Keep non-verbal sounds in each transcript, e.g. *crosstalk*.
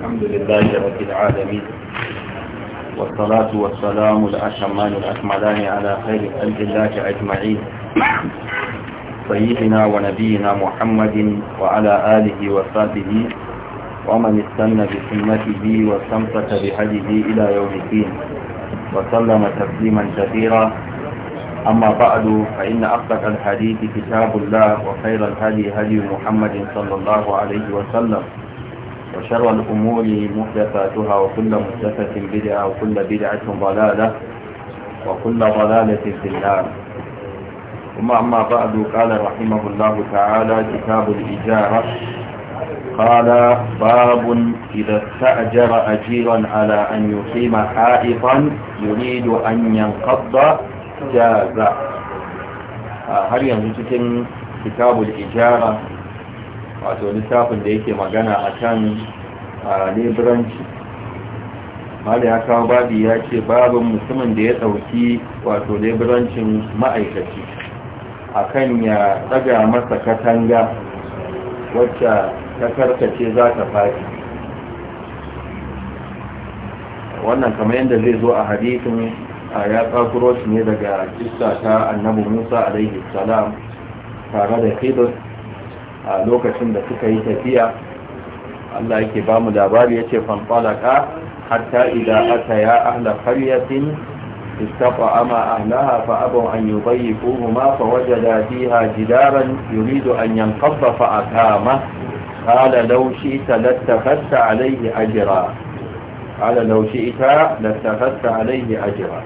الحمد لله رب العالمين والصلاة والسلام الأشمان الأكملان على خير خلق الله أجمعين سيدنا ونبينا محمد وعلى آله وصحبه ومن استنى بسنته واستمسك بهديه إلى يوم الدين وسلم تسليما كثيرا أما بعد فإن أصدق الحديث كتاب الله وخير الهدي هدي محمد صلى الله عليه وسلم وشر الأمور محدثاتها وكل محدثة بدعة وكل بدعة ضلالة وكل ضلالة في النار ثم أما بعد قال رحمه الله تعالى كتاب الإجارة قال باب إذا استأجر أجيرا على أن يقيم حائطا يريد أن ينقض جازا آه، هل ينزل كتاب الإجارة wato littafin da yake magana a kan leburanci mali ya kawo babi ya ce babin mutumin da ya ɗauki wato leburancin ma'aikaci a kan ya ɗaga masa katanga wacce ta karkace za ta faɗi wannan kamar yadda zai zo a hadisin ya tsakuro shi ne daga cista ta annabi musa a salam tare da khidr a lokacin da suka yi tafiya Allah yake ba mu labari yace fanfalaka hatta idan ata ya ahla qaryatin استطعما أهلها فأبوا أن يضيفوهما فوجدا فيها جدارا يريد أن ينقض فأقامه قال لو شئت لاتخذت عليه أجرا قال لو شئت لاتخذت عليه أجرا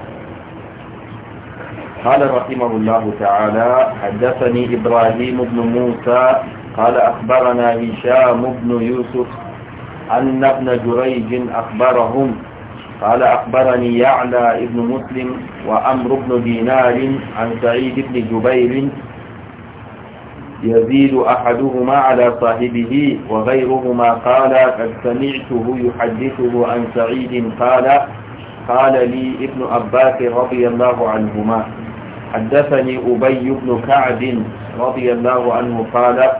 قال رحمه الله تعالى حدثني إبراهيم بن موسى قال أخبرنا هشام بن يوسف أن ابن جريج أخبرهم قال أخبرني يعلى ابن مسلم وأمر بن دينار عن سعيد بن جبير يزيد أحدهما على صاحبه وغيرهما قال قد سمعته يحدثه عن سعيد قال قال لي ابن عباس رضي الله عنهما حدثني أبي بن كعب رضي الله عنه قال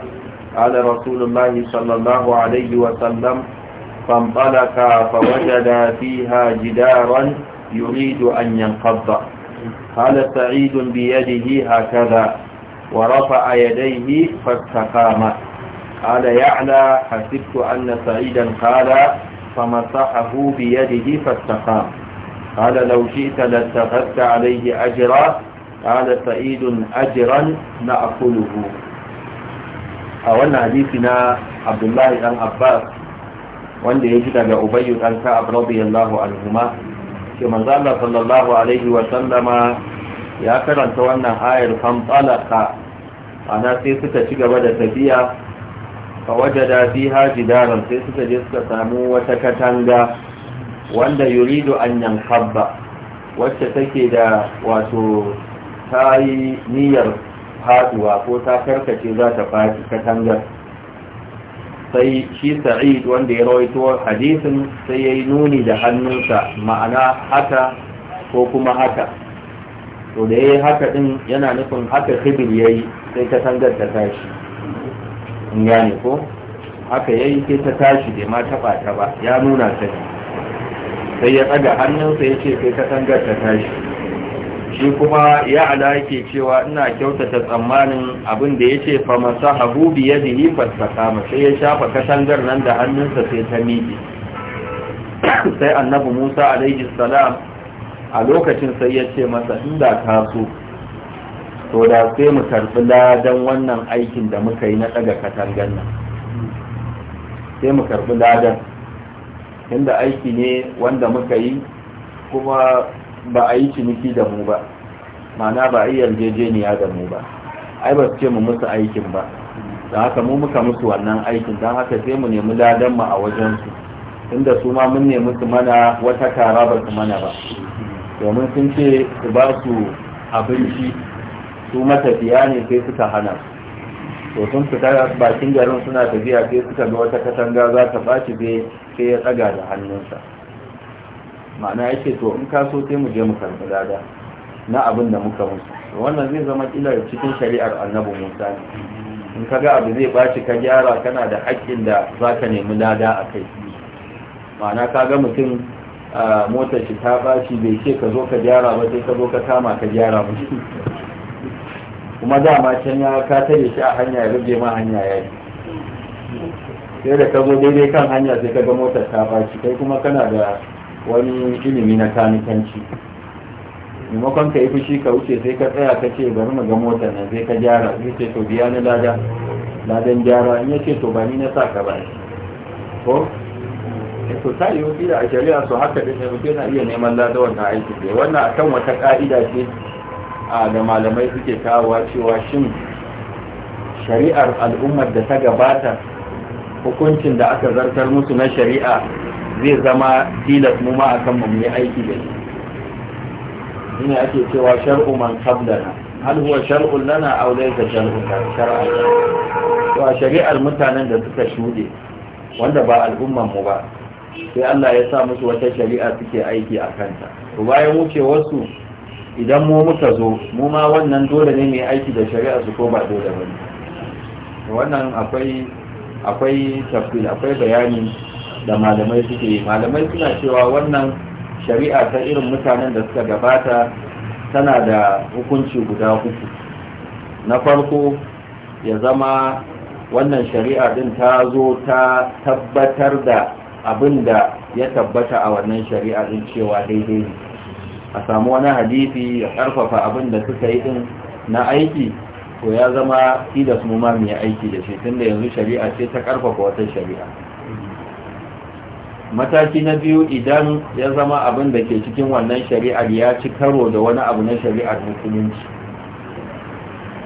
قال رسول الله صلى الله عليه وسلم فانطلق فوجد فيها جدارا يريد أن ينقض قال سعيد بيده هكذا ورفع يديه فاستقام قال يعلى حسبت أن سعيدا قال فمسحه بيده فاستقام قال لو شئت لاتخذت عليه أجرا قال سعيد أجرا نأكله a wannan hadisi na abdullahi dan abbas wanda ya ji daga ubayyu dan ka'ab radiyallahu anhuma ke manzo Allah sallallahu alaihi wa sallama ya karanta wannan ayar fam talaka ana sai suka ci gaba da tafiya fa wajada fiha jidaran sai suka je suka samu wata katanga wanda yuridu an yanhabba wacce take da wato tayi niyyar haduwa ko ta karkace za ta faɗi katangar sai shi sa'id wanda ya rawaito hadisin sai ya yi nuni da hannunsa ma'ana haka ko kuma haka to da ya yi haka ɗin yana nufin haka hibir ya yi sai katangar ta tashi in gane ko haka ya yi sai ta tashi da ma taɓa ta ya nuna ta sai ya tsaga hannunsa ya ce sai katangar ta tashi shi kuma ya ala yake cewa ina kyautata tsammanin abin da ya ce fa masa habu biya da yi fasaka sai ya shafa katangar nan da hannunsa sai ta miƙe sai annabi musa alaihi salam a lokacin sai ya ce masa inda ka so to da sai mu karɓi ladan wannan aikin da muka yi na ɗaga katangar nan sai mu karɓi ladan inda aiki ne wanda muka yi kuma ba a yi ciniki da mu ba mana ba a yi yarjejeniya da mu ba ai ba su ce mu musu aikin ba don haka mu muka musu wannan aikin don haka sai mu nemi ladan mu a wajensu inda su ma mun nemi su mana wata tara ba su mana ba domin sun ce su ba su abinci su matafiya ne sai suka hana to sun fita bakin garin suna tafiya sai suka ga wata katanga za ta ɓaci sai ya tsaga da hannunsa ma'ana yake to in ka so sai mu je mu karɓi lada na abin da muka musu wannan zai zama kila cikin shari'ar annabi musa ne in ka ga abu zai baci ka gyara kana da haƙƙin da za ka nemi lada a kai ma'ana ka ga mutum motar shi ta baci bai ce ka zo ka gyara ba sai ka zo ka kama ka gyara mushi kuma dama can ya ka tare shi a hanya ya rage ma hanya ya yi sai da ka zo daidai kan hanya sai ka ga motar ta baci kai kuma kana da wani ilimi na kanikanci maimakon ka yi fushi ka wuce sai ka tsaya ka ce bari mu ga mota nan sai ka gyara zai ce to biya ni lada ladan gyara in yace ce to ba ni na sa ka ba ko eh, to ta yi wuce da a shari'a su haka da mutum na iya neman lada wannan aiki ne wannan akan wata ka'ida ce a da malamai suke kawowa cewa shin shari'ar al'ummar da ta gabata hukuncin da aka zartar musu na shari'a zai zama tilas mu ma akan mu yi aiki da shi ina ake cewa shar'u man qablana hal huwa shar'un lana aw laysa shar'un shar'a to a shari'ar mutanen da suka shude wanda ba al'umman mu ba sai Allah ya sa musu wata shari'a suke aiki a kanta to bayan wasu idan mu muka zo mu ma wannan dole ne mai aiki da shari'a su ko ba dole ba ne wannan akwai akwai tafsir akwai bayani da malamai suke yi, malamai suna cewa wannan shari'a ta irin mutanen da suka gabata tana da hukunci guda uku na farko ya zama wannan shari'a din ta zo ta tabbatar da abin da ya tabbata a wannan shari'a din cewa daidai ne a samu wani hadisi ya karfafa abin da suka yi din na aiki to ya zama tilas mu ma mu aiki da shi tunda yanzu shari'a ce ta karfafa wata shari'a mataki na biyu idan ya zama abin da ke cikin wannan shari'ar ya ci karo da wani abu na shari'ar musulunci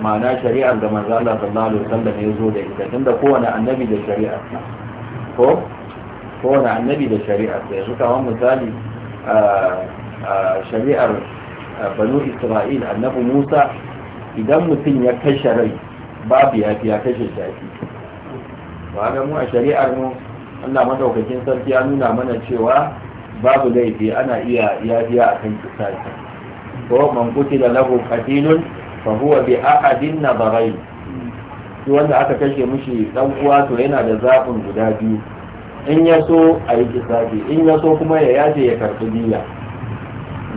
ma'ana shari'ar da manzo Allah sallallahu alaihi wasallam ya zo da ita tunda kowane annabi da shari'ar ko kowane annabi da shari'ar sai suka wani misali shari'ar banu isra'il annabi musa idan mutum ya kashe rai babu yafi ya kashe shafi ba mu a shari'ar mu Allah madaukakin sarki ya nuna mana cewa babu laifi ana iya yafiya a kan kisasi ko man kutila lahu qatilun fa huwa bi ahadin nadarai shi wanda aka kashe mushi, dan uwa to yana da zafin guda biyu in ya so a yi kisasi in ya so kuma ya yaje ya karɓi diya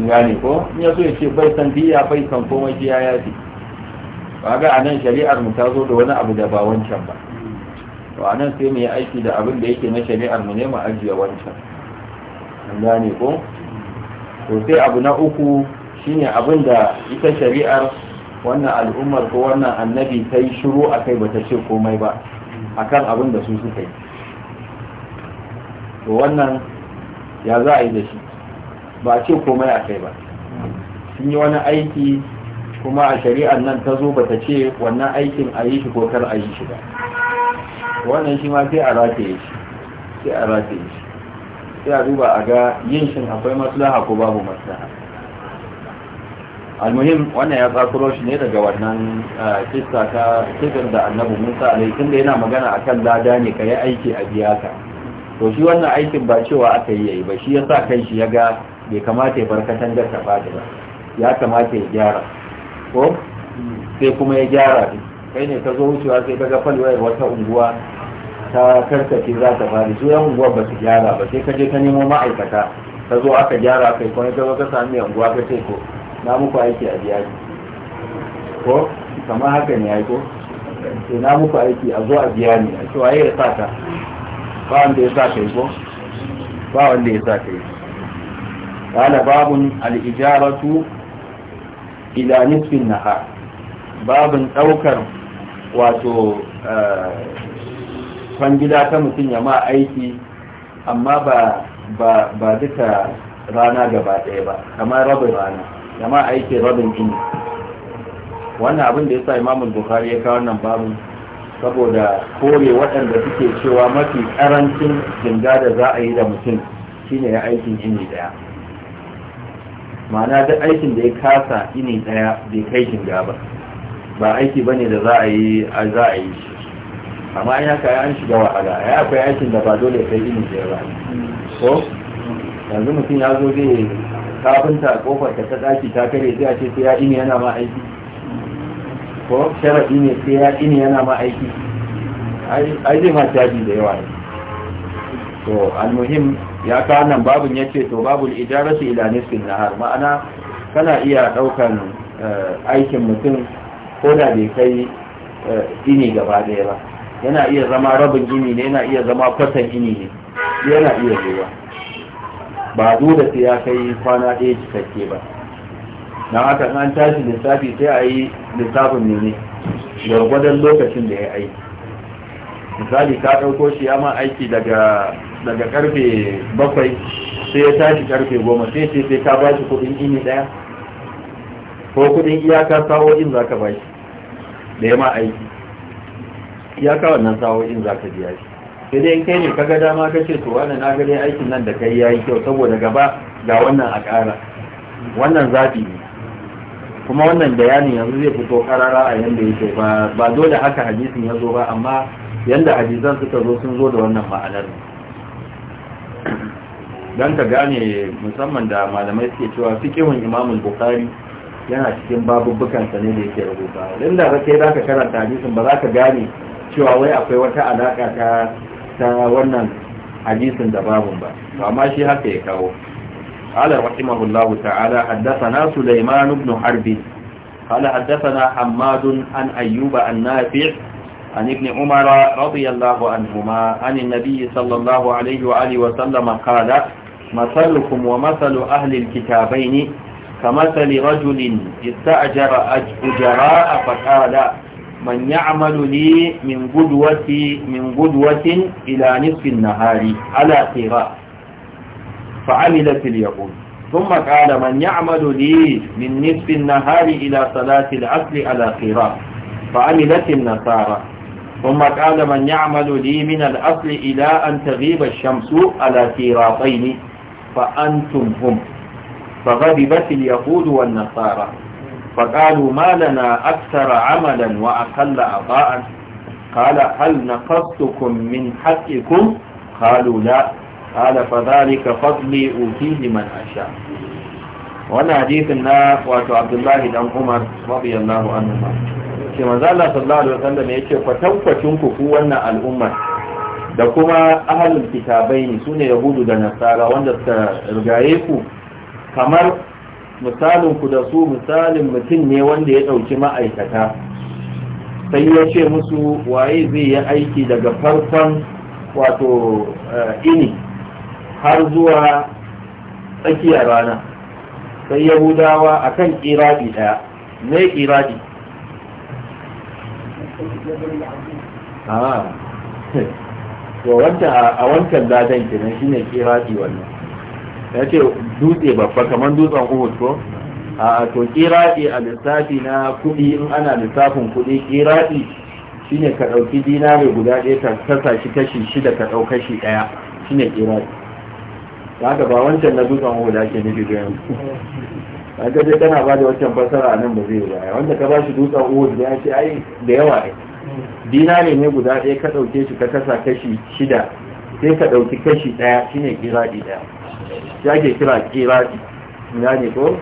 gane ko in ya so ya ce bai san diya bai san komai shi ya yaje kaga anan shari'ar mu ta zo da wani abu da ba wancan ba to anan sai mu aiki da abin da yake na shari'ar mu ne mu ajiye wancan an gane ko to sai abu na uku shine abin da ita shari'ar wannan al'ummar ko wannan annabi ta yi shiru a kai ba ta ce komai ba akan abin da su suka yi to wannan ya za a yi da shi ba a ce komai a kai ba sun yi wani aiki kuma a shari'ar nan ta zo ba ta ce wannan aikin a yi shi ko kar a yi shi ba wannan shi ma sai a rataye shi sai a rataye shi sai a duba a ga yin shin akwai maslaha ko babu maslaha almuhim wannan ya tsakuro shi ne daga wannan eh, kista ta kitar da annabi musa alai tun da yana magana a kan lada ne ka yi aiki a biya ka to shi wannan aikin ba cewa aka yi yayi ba shi ya sa kan shi ya ga bai kamata ya barkatan da ta fadi ba ya kamata ya gyara ko hmm. sai kuma ya gyara kai ne ka zo wucewa sai ka ga falwayar wata unguwa ta karkace za ta fari su yan unguwar ba su gyara ba sai ka je ka nemo ma'aikata ka zo aka gyara kai kuma ka zo ka sami mai unguwa ka ce ko na muku aiki a biya ko kamar haka ne ya ko sai na muku aiki a zo a biya ne a cewa ya sa ka ba wanda ya sa ka yi ko ba wanda ya sa ka yi قال babun الإجارة إلى نصف النهار babun ɗaukar wato eh, gida ta mutum ya ma aiki amma ba duka rana gaba ɗaya ba kamar rabin rana ya ma aiki rabin ini wannan abin da ya sa imamun bukari ya kawo nan babu saboda kore waɗanda suke cewa mafi ƙarancin jinga da za a yi da mutum shine ya aikin ini ɗaya ma'ana duk aikin da ya kasa ini ɗaya bai kai jinga ba ba aiki bane da za a yi shi amma ya kai an shiga wahala ya akwai aikin da ba dole kai ilimi da ba ko yanzu mutum ya zo zai kafinta kofar ta ta daki ta kare sai a ce sai ya ini yana ma aiki ko sharadi ne sai ya ini yana ma aiki ai zai ma caji da yawa ne to almuhim ya kawo nan babun ya ce to babul ijaratu ila nisfin nahar ma'ana kana iya daukan eh, aikin mutum ko da bai kai eh, ini gaba daya ba yana iya zama rabin gini ne yana iya zama kwatan gini ne yana iya zuwa ba da sai ya kai kwana ɗaya cikakke ba na haka an tashi lissafi sai a yi lissafin ne ne gwargwadon lokacin da ya aiki misali ka ɗauko shi ya ma aiki daga daga karfe bakwai sai ya tashi karfe goma sai ce sai ka ba shi kuɗin gini ɗaya ko kuɗin iyaka sa'o'in za ka ba shi da ya ma aiki ya ka wannan sa'o'in za ka biya shi sai dai in kai ne kaga dama ka ce to wannan na aikin nan da kai yayi kyau saboda gaba ga wannan a ƙara wannan zaɓi ne kuma wannan bayanin yanzu zai fito karara a yanda yake ba ba dole haka hadisin ya zo ba amma yanda hadisan suka zo sun zo da wannan ma'anar dan ka gane musamman da malamai suke cewa fikihun imamul bukhari yana cikin babubbukansa ne da yake rubuta inda kake zaka karanta hadisin ba za ka gane cewa wai akwai wata alaka ta ta wannan hadisin da babun ba amma shi haka ya kawo ala rahimahu allah ta'ala haddathana sulaiman ibn harbi qala haddathana hammad an ayyuba an nafi' an ibn umar radiyallahu anhuma an nabiy sallallahu alayhi wa alihi wa sallam qala مثلكم ومثل أهل الكتابين كمثل رجل استأجر أجراء فقال man ya'malu li min gudwati min ila nisfin nahari ala tira fa'amilat al-yahud thumma qala man ya'malu li min nisfin nahari ila salati al-asr ala tira nasara ثم قال من يعمل لي من الأصل إلى أن تغيب الشمس على سيراطين فأنتم هم فغضبت اليهود والنصارى فقالوا ما لنا أكثر عملا وأقل أطاعا قال هل نقصتكم من حقكم قالوا لا قال فذلك فضلي أوتيه من أشاء وانا حديث النا واتو عبد الله بن عمر رضي الله عنهما كما قال صلى الله عليه وسلم yace fatawfacin ku ku wannan al'umma da kuma ahlul kitabaini sune yahudu da nasara wanda suka rigaye ku kamar misalin ku da su misalin mutum ne wanda ya ɗauki ma'aikata sai ya ce musu waye zai yi aiki daga farkon wato eh, ini har zuwa tsakiyar rana sai yahudawa a kan ƙiraɗi ɗaya ne ƙiraɗi ah. *laughs* a wancan ladan kenan ne ƙiraɗi wannan ya ce dutse babba kamar dutsen uhud ko a to kira'i a lissafi na kuɗi in ana lissafin kuɗi kira'i shine ka ɗauki dinare guda ɗaya ka kasa shi kashi shida ka ɗau kashi ɗaya shine kira'i da haka ba wancan na dutsen uhud ake nufi da yanzu *laughs* a gaje kana ba da wancan fasara a nan ba zai baya wanda ka ba shi dutsen uhud da ya ce ai da yawa ne dinare ne guda ɗaya ka ɗauke shi ka kasa kashi shida sai ka ɗauki kashi ɗaya shine kira'i ɗaya shi ake kira Ina ne ko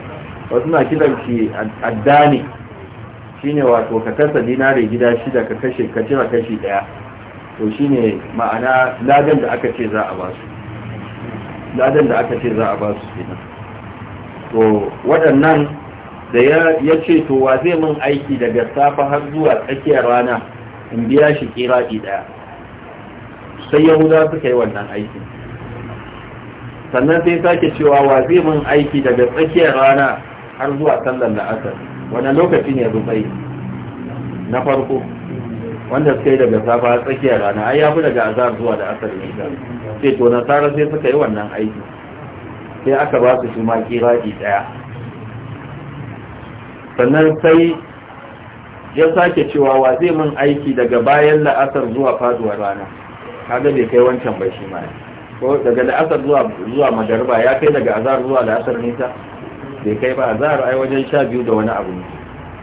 wasu na kiran shi addani ne wato ka kasa dinare gida shida ka kashe ka jira kashi daya to shi ne ma'ana ladan da aka ce za a ba su ladan da aka ce za a ba su kenan to waɗannan da ya ce to wa zai min aiki daga safa har zuwa tsakiyar rana in biya shi kira ɗaya sai yahuda suka yi wannan aikin sannan sai sake cewa wa zai mun aiki daga tsakiyar rana har zuwa sallar la'asar wani lokaci ne rufai na farko wanda suka yi daga safa tsakiyar rana ai ya fi daga azar zuwa da asar isa sai to tsara sai suka yi wannan aiki sai aka ba su shuma ma kiraki daya sannan sai ya sake cewa wa zai mun aiki daga bayan la'asar zuwa faduwar rana kaga bai kai wancan bai shi ma ko daga la'asar zuwa zuwa magariba ya kai daga azar zuwa la'asar nisa bai kai ba azar ai wajen sha biyu da wani abu ne,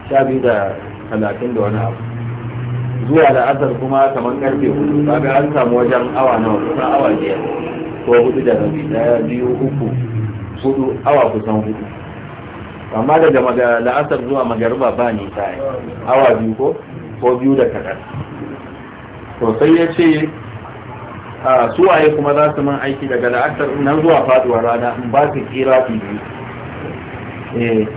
sha biyu da talatin da wani abu zuwa la'asar kuma kamar karfe hudu ga an samu wajen awa nawa kusan awa biyar ko hudu da rabi daya biyu uku hudu awa kusan hudu amma daga la'asar zuwa magariba ba nisa awa biyu ko ko biyu da kaɗan to sai ya ce suwaye kuma za su man aiki daga la'asar nan zuwa faduwa rana in ba su kira su biyu eh,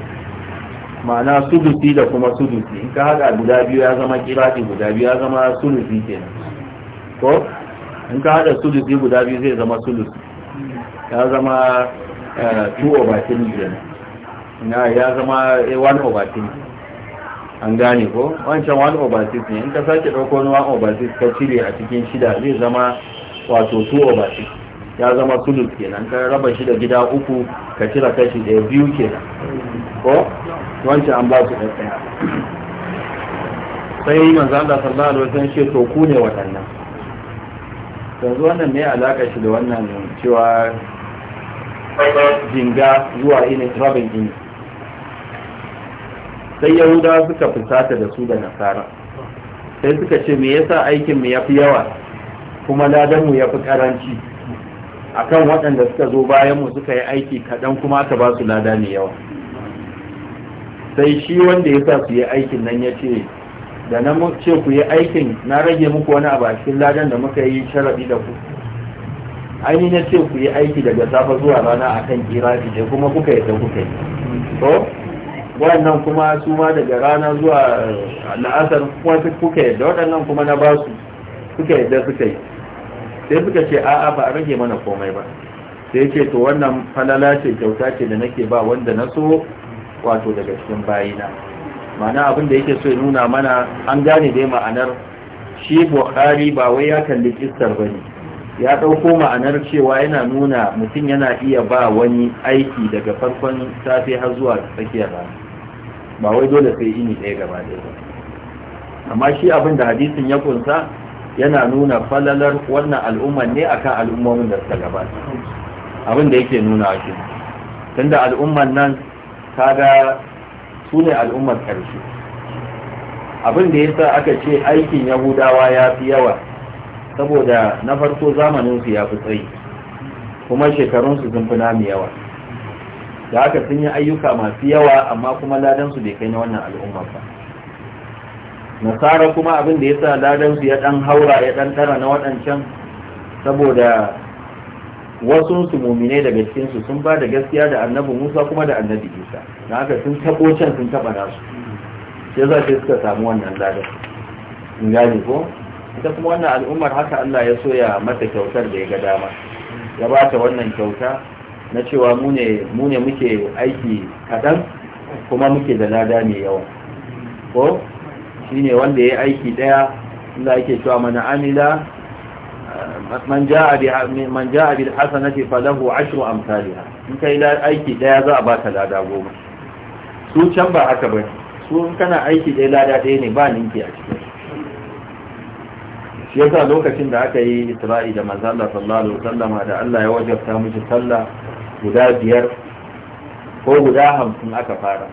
ma'ana sudusi da kuma sudusi in ka haɗa guda biyu ya zama su guda biyu ya zama sulusi kenan ko in ka haɗa sulusi guda biyu zai zama sulusi ya zama 2 eh, over 3 kenan ya zama 1 eh, over 3 an gane ko wancan 1 over 6 ne in ka sake ɗauko 1 over 6 ka cire a cikin shida zai zama wato Tuwo ba shi ya zama sulus kenan ka raba shi da gida uku ka cira kashi ɗaya biyu kenan ko wancan an ba su ɗaya sai yi manzo Allah sallallahu alaihi wasallam shi to ku ne waɗannan yanzu wannan me alaka shi da wannan cewa jinga zuwa ina rabin ini sai yahuda suka fusata da su da nasara sai suka ce me yasa aikin mu fi yawa kuma ladanmu ya fi karanci akan waɗanda suka zo bayanmu suka yi aiki kaɗan kuma aka ba su lada mai yawa sai shi wanda ya sa su yi aikin nan ya ce da na ce ku yi aikin na rage muku wani abu a cikin ladan da muka yi sharaɗi da ku ainihin na ce ku yi aiki daga safa zuwa rana a kan kirafi da kuma kuka da kuka yi to waɗannan kuma su ma daga rana zuwa la'asar kuma kuka yi da waɗannan kuma na basu kuka da suka yi sai suka ce a'a ba a rage mana komai ba sai ce to wannan falala ce kyauta ce da nake ba wanda na so wato daga cikin bayina ma'ana abin da yake so ya nuna mana an gane dai ma'anar shi buhari ba wai ya kalli kistar ba ne ya ɗauko ma'anar cewa yana nuna mutum yana iya ba wani aiki daga farkon safe har zuwa tsakiyar rana ba wai dole sai ini ɗaya gaba ɗaya ba amma shi abin da hadisin ya kunsa yana nuna falalar wannan al'umman ne akan al'ummomin da suka gabata abin da yake nuna ake. tunda al'umman nan ga su ne al'ummar ƙarshe abin da ya sa aka ce aikin yahudawa ya fi yawa saboda na farko zamaninsu ya fi tsayi kuma shekarunsu sun fi nami yawa da haka sun yi ayyuka masu yawa amma kuma ladansu bai kai na wannan al'ummar ba nasara kuma abin da ya sa ladansu ya dan haura ya dan tara na waɗancan saboda wasu su mumine daga cikinsu sun ba da gaskiya da annabi musa kuma da annabi isa na haka sun taɓo can sun taɓa nasu sai za su suka samu wannan ladan in gane ko ita kuma wannan al'ummar haka allah ya soya mata kyautar da ya ga dama ya ba ta wannan kyauta na cewa mu ne muke aiki kaɗan kuma muke da lada mai yawa ko ne wanda ya aiki daya inda ake cewa mana amila man ja'a bi bil hasanati falahu ashru amsalha in kai da aiki daya za a baka lada goma su can ba haka ba su in kana aiki daya lada daya ne ba ninki a cikin shi yasa lokacin da aka yi isra'i da manzo Allah sallallahu alaihi da Allah ya wajabta miki sallah guda biyar ko guda hamsin aka fara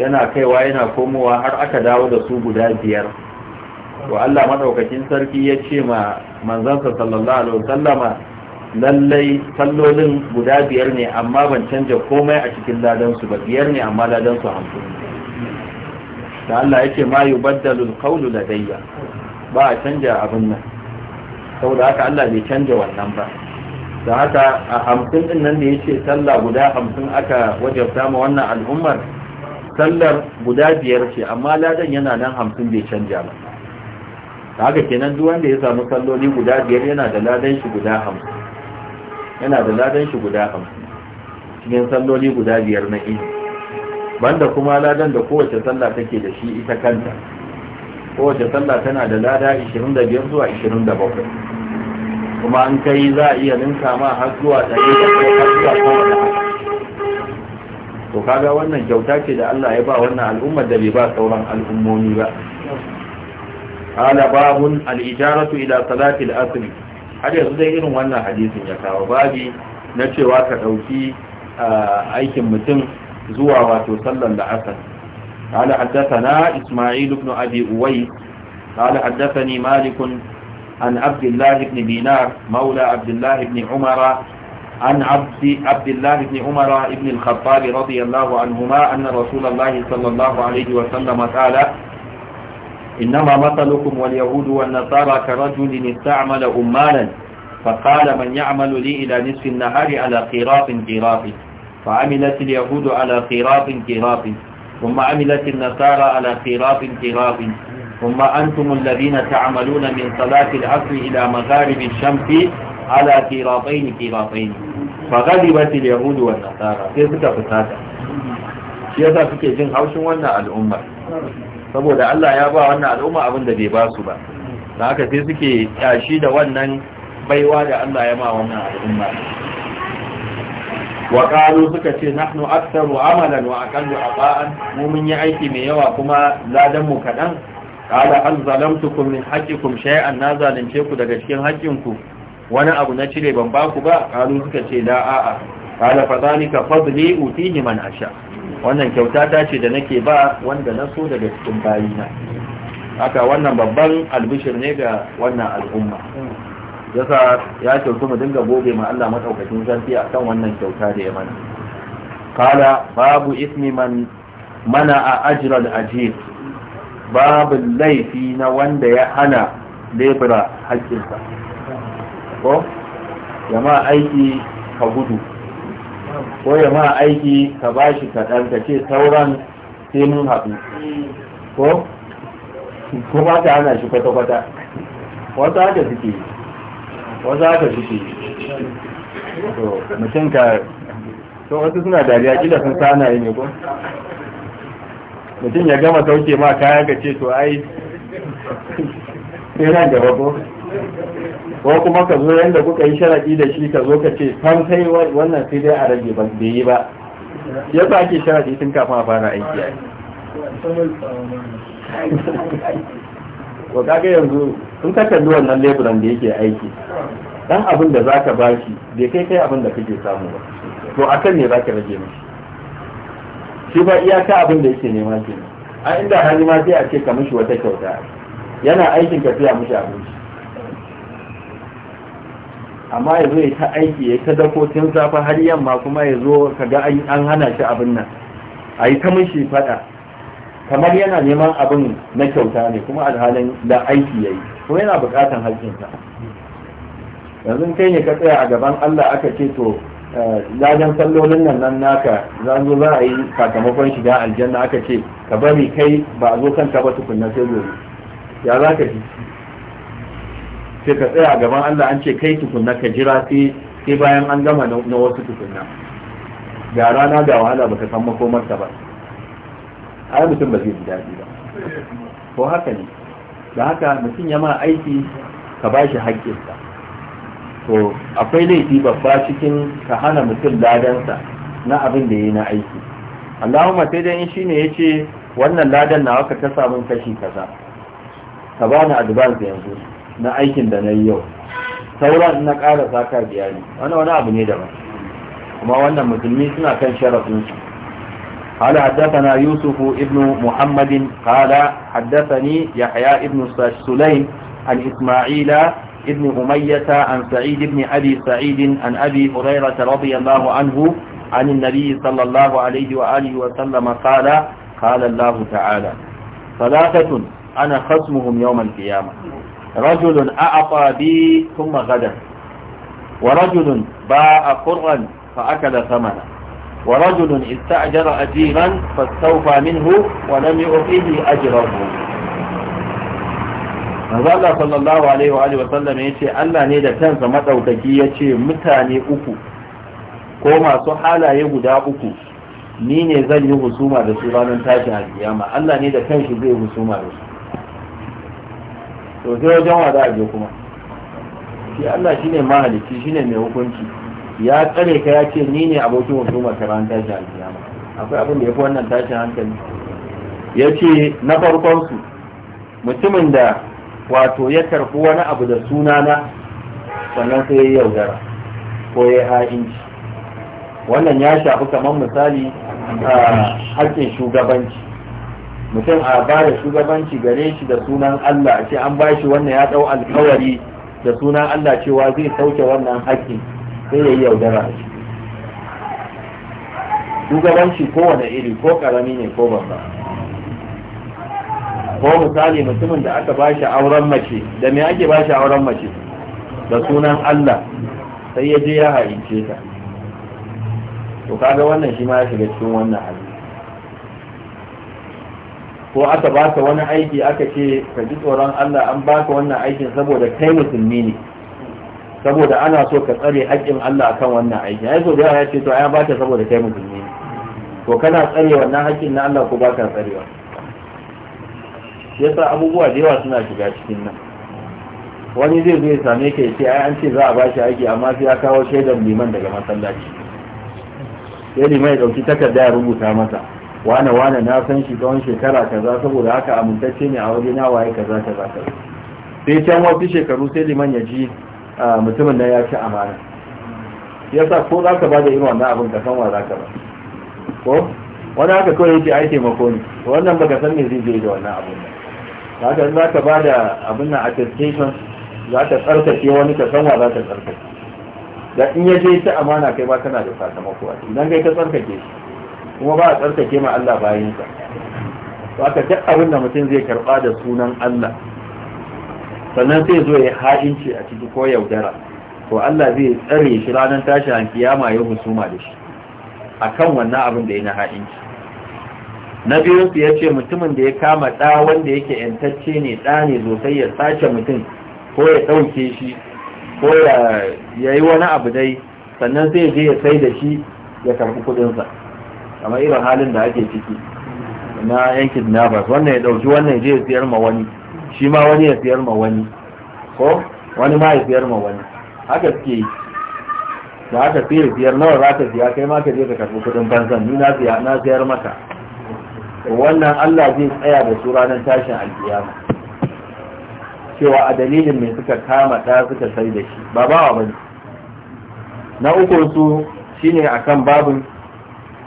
yana kaiwa yana komowa har aka dawo da su guda biyar to Allah madaukakin sarki ya ce ma manzansa sallallahu alaihi wasallama lallai sallolin guda biyar ne amma ban canja komai a cikin ladan su ba biyar ne amma ladan su hamsin da Allah yake ma yubaddalu alqawlu ladayya ba a canja abin nan saboda haka Allah bai canja wannan ba da haka a hamsin din nan da yace sallah guda hamsin aka wajabta ma wannan al'ummar sallar guda biyar ce amma ladan yana nan hamsin bai canja ba haka kenan duk wanda ya samu salloli guda biyar yana da ladan shi guda hamsin yana da ladan shi guda hamsin cikin salloli guda biyar na ini banda kuma ladan da kowace sallah take da shi ita kanta kowace sallah tana da lada 25 zuwa 27 kuma an kai za a iya ninka ma har zuwa 100 har zuwa kowace to kaga wannan kyauta ce da Allah ya ba wannan al'ummar da bai ba sauran al'ummomi ba ala babun al'ijaratu ila salati al-asr har yanzu dai irin wannan hadisin ya kawo babi na cewa ka dauki aikin mutum zuwa wato sallar la'asar قال حدثنا إسماعيل بن أبي أويس قال حدثني مالك عن عبد الله بن دينار مولى عبد الله بن عمر عن عبد عبد الله بن عمر بن الخطاب رضي الله عنهما أن رسول الله صلى الله عليه وسلم قال إنما مثلكم واليهود والنصارى كرجل استعمل أمالا فقال من يعمل لي إلى نصف النهار على قراط قراط فعملت اليهود على قراط قراط ثم عملت النصارى على قراط قراط ثم أنتم الذين تعملون من صلاة العصر إلى مغارب الشمس ala qiratayn qiratayn fa ghadibat wa nasara sai suka fusata shi yasa suke jin haushin wannan al'umma saboda Allah ya ba wannan al'umma abin da bai ba su ba da haka sai suke yashi da wannan baiwa da Allah ya ma wannan al'umma wa qalu suka ce nahnu aktsaru amalan wa aqallu ata'an mu mun yi aiki mai yawa kuma ladan mu kadan qala an zalamtukum min haqqikum shay'an na zalunce ku daga cikin haƙƙinku wani abu na cire ban ba ku ba kalu suka ce la a'a qala fa zalika fadli utihi man asha wannan kyauta ta ce da nake ba wanda na so daga cikin bayina haka wannan babban albishir ne ga wannan al'umma yasa ya kyautu mu dinga gobe ma Allah madaukakin a akan wannan kyauta da ya mana Kala babu ismi man mana a ajral ajir babu laifi na wanda ya hana lebra haƙƙinsa ko ya aiki ka gudu ko ya aiki ka bashi kaɗan ka ce sauran sai mun haɗu ko ko ba ta hana shi kwata-kwata wata haka suke wata haka suke to mutum ka to wasu suna dariya kila sun sana yi ne ko mutum ya gama sauke ma kaya ka ce to ai sai nan gaba ko ko kuma ka zo yanda kuka yi sharadi da shi ka zo ka ce san sai wannan sai dai a rage ban da yi ba ya sa ake sharadi tun kafin a fara aiki a *laughs* ko kaga yanzu sun ka kalli wannan leburan da yake aiki dan abin da zaka bashi bai kai kai abin da kake samu ba to akan ne zaka rage mashi. shi ba iyaka abin da yake nema ke a inda hali ma sai a ce ka mishi wata kyauta yana aikin ka sai a mishi abinci amma ya zo ya ta aiki ya ta dako tun safe har yamma kuma ya zo ka ga an hana shi abin nan a yi ta mishi faɗa kamar yana neman abin na kyauta ne kuma alhalin da aiki ya yi kuma yana bukatan haƙƙinsa yanzu kai ne ka tsaya a gaban allah aka ce to eh, ladan sallolin nan nan naka za zo za a yi sakamakon shiga aljanna aka ce ka bari kai ba a zo kanka ba tukunna sai gobe ya za ka ji sai ka tsaya gaban Allah an ce kai tukunna ka jira sai bayan an gama na wasu tukunna ga rana ga wahala baka san makomarta ba ai mutum ba zai ji daɗi ba ko haka ne da haka mutum ya ma aiki ka ba shi haƙƙinsa to akwai laifi babba cikin ka hana mutum ladansa na abin da ya yi na aiki allahumma sai dai shi ne ya ce wannan ladan nawa ka ta samun kashi kaza ka bani advance yanzu na aikin da na yi yau sauran na ƙara saka biya ne wani wani abu ne daban kuma wannan musulmi suna kan sharafinsu قال حدثنا يوسف ابن محمد قال حدثني يحيى ابن سليم عن إسماعيل ابن أمية عن سعيد بن أبي سعيد عن أبي هريرة رضي الله عنه عن النبي صلى الله عليه وآله وسلم قال قال الله تعالى ثلاثة أنا خصمهم يوم القيامة rajulun a'ata bi thumma ghadar wa rajulun ba'a qur'an fa akala thamana wa rajulun ista'jara ajiran fastawfa minhu wa sallallahu alaihi wa alihi wa sallam yace Allah ne da kansa ya yace mutane uku ko masu halaye guda uku ni ne zan yi husuma da su ranar tashin alkiyama Allah ne da kanshi zai husuma da su to sai wajen wa za a je kuma shi Allah shi ne mahalicci ne mai hukunci ya tsare ka ya ce ni ne abokin hukuma ta ran tashin alkiyama akwai abin da ya fi wannan tashin hankali ya ce na farkon su mutumin da wato ya karfi wani abu da sunana sannan sai ya yi yaudara ko ya ha'inci wannan ya shafi kamar misali a haƙƙin shugabanci mutum a ba da shugabanci gare shi da sunan Allah ce an ba shi wannan ya dau alkawari da sunan Allah cewa zai sauke wannan haƙƙi sai ya yi yaudara shi shugabanci kowane iri ko karami ne ko babba ko misali mutumin da aka ba shi auren mace da me ake ba shi auren mace da sunan Allah sai ya je ya ce ta to kaga wannan shi ma ya shiga cikin wannan hali ko aka ba ka wani aiki aka ce ka ji tsoron Allah an ba ka wannan aikin saboda kai musulmi ne saboda ana so ka tsare haƙƙin Allah akan wannan aiki ai so ya ce to ai ba ta saboda kai musulmi ne to kana tsare wannan haƙƙin na Allah ko ba ka tsarewa yasa abubuwa da yawa suna shiga cikin nan wani zai zo ya same ka ya ce ai an ce za a ba shi aiki amma sai ya kawo shaidar liman daga masallaci sai liman ya ɗauki takarda ya rubuta masa wane wane na san shi tsawon shekara kaza saboda haka amintacce ne a waje na waye kaza kaza kaza sai can wafi shekaru sai liman ya ji mutumin na ya ci amana Ya sa ko za ka ba da irin wannan abin ka san wa za ka ba ko wani haka kawai yake ai taimako ne wannan baka san me zai je da wannan abin nan ka za ka ba da abin nan attestation za ka tsarkake wani ka san wa za ka tsarkake da in ya je ta amana kai ba kana da sakamako a idan kai ka tsarkake shi kuma ba a tsarkake ma Allah bayansa to aka duk abin da mutum zai karba da sunan Allah sannan sai zo ya ha'inci a ciki ko yaudara to Allah zai tsare shi ranar tashi an kiyama ya husuma da shi akan wannan abin da ya na ha'inci na biyun su yace mutumin da ya kama da wanda yake yantacce ne da ne zo sai ya sace mutum ko ya dauke shi ko ya yi wani abu dai sannan sai je ya sai da shi ya karbi kudin sa kamar irin halin da ake ciki na yankin nabas wannan ya dauki wannan je ya siyar ma wani shi ma wani ya siyar ma wani ko wani ma ya siyar ma wani haka suke yi da haka sai siyar nawa za ka siya kai ma ka je ka karbi kuɗin banzan ni na siya na siyar maka wannan Allah zai tsaya da su ranar tashin alkiyama cewa a dalilin mai suka kama ɗa suka sai da shi ba bawa bane na uku su shine akan babin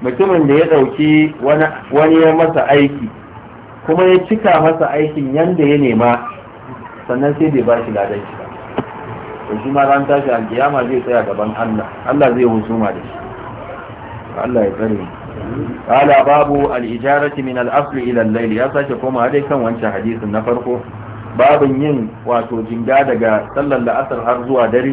mutumin da ya ɗauki wani ya masa aiki kuma ya cika masa aikin yadda ya nema sannan sai bai ba shi ladan shi ba to shi ma ran tashi alkiyama zai tsaya gaban Allah Allah zai husuma da shi Allah ya tsare qala babu al-ijarati min al-asli ila al-layl ya sake koma dai kan wancan hadisin na farko babin yin wato jinga daga sallar la'asar har zuwa dare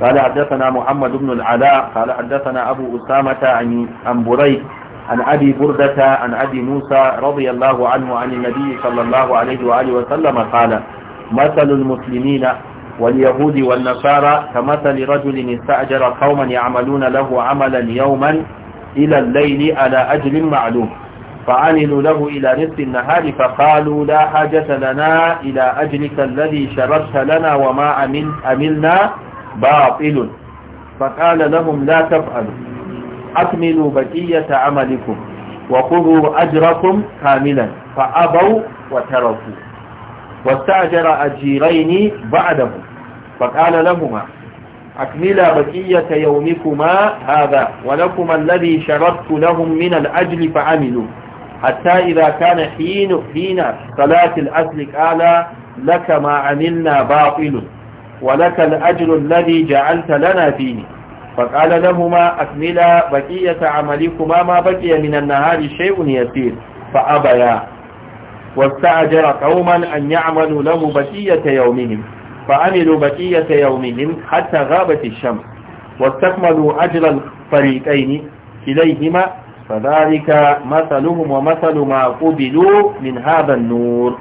قال حدثنا محمد بن العلاء قال حدثنا أبو أسامة عن عن بريد عن أبي بردة عن أبي موسى رضي الله عنه عن النبي صلى الله عليه وآله وسلم قال مثل المسلمين واليهود والنصارى كمثل رجل استأجر قوما يعملون له عملا يوما إلى الليل على أجل معلوم فعملوا له إلى نصف النهار فقالوا لا حاجة لنا إلى أجلك الذي شرفت لنا وما عملنا باطل فقال لهم لا تفعلوا أكملوا بقية عملكم وخذوا أجركم كاملا فأبوا وتركوا واستأجر أجيرين بعدهم فقال لهما أكملا بقية يومكما هذا ولكم الذي شرطت لهم من الأجل فعملوا حتى إذا كان حين حين صلاة الأسل قال لك ما عملنا باطل ولك الأجر الذي جعلت لنا فيه فقال لهما أكملا بقية عملكما ما بقي من النهار شيء يسير فأبيا واستأجر قوما أن يعملوا له بقية يومهم فعملوا بقية يومهم حتى غابت الشمس واستكملوا أجر الفريقين إليهما فذلك مثلهم ومثل ما قبلوا من هذا النور